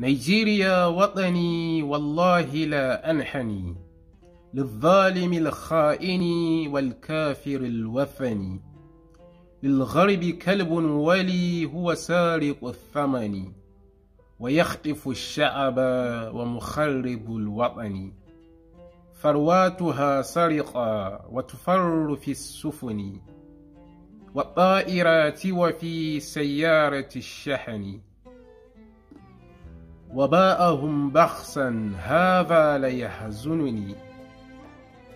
نيجيريا وطني والله لا أنحني للظالم الخائن والكافر الوثني للغرب كلب ولي هو سارق الثمن ويخطف الشعب ومخرب الوطن ثرواتها سرقة وتفر في السفن والطائرات وفي سيارة الشحن وباءهم بخسا هذا ليحزنني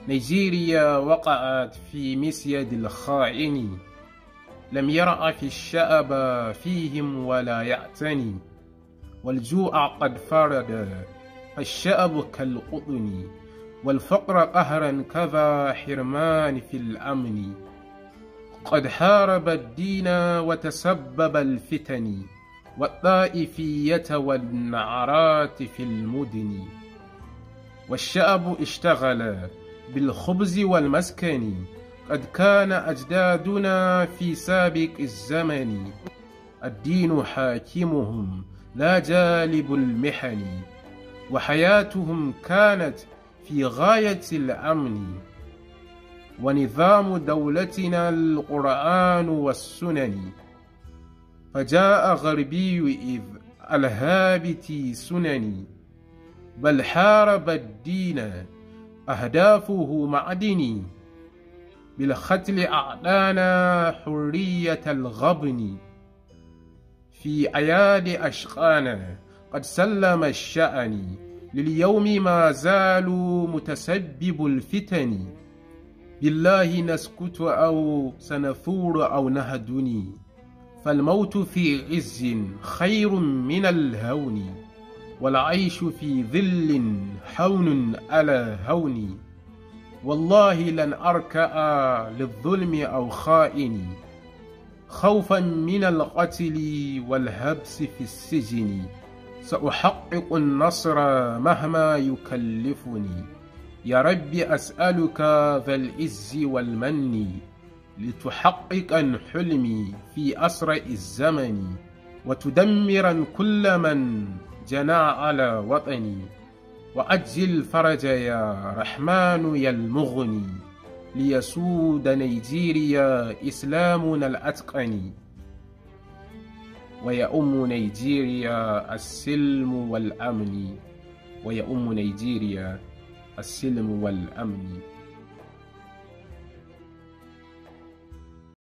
نيجيريا وقعت في مسيد الخائن لم يرأ في الشأب فيهم ولا يعتني والجوع قد فرد الشأب كالقطن والفقر قهرا كذا حرمان في الأمن قد حارب الدين وتسبب الفتن والطائفية والنعرات في المدن والشعب اشتغل بالخبز والمسكن قد كان أجدادنا في سابق الزمن الدين حاكمهم لا جالب المحن وحياتهم كانت في غاية الأمن ونظام دولتنا القرآن والسنن فجاء غربي إذ الهابتي سنني بل حارب الدين أهدافه معدني بالختل أعدانا حرية الغبن في أياد أشقانا قد سلم الشأن لليوم ما زالوا متسبب الفتن بالله نسكت أو سنثور أو نهدني فالموت في عز خير من الهون والعيش في ظل حون على هون والله لن أركأ للظلم أو خائن خوفا من القتل والهبس في السجن سأحقق النصر مهما يكلفني يا رب أسألك ذا العز والمن لتحقق حلمي في أسرع الزمن وتدمرا كل من جنى على وطني وأجل فرج يا رحمن يا المغني ليسود نيجيريا إسلامنا الأتقن ويأم نيجيريا السلم والأمن ويأم نيجيريا السلم والأمن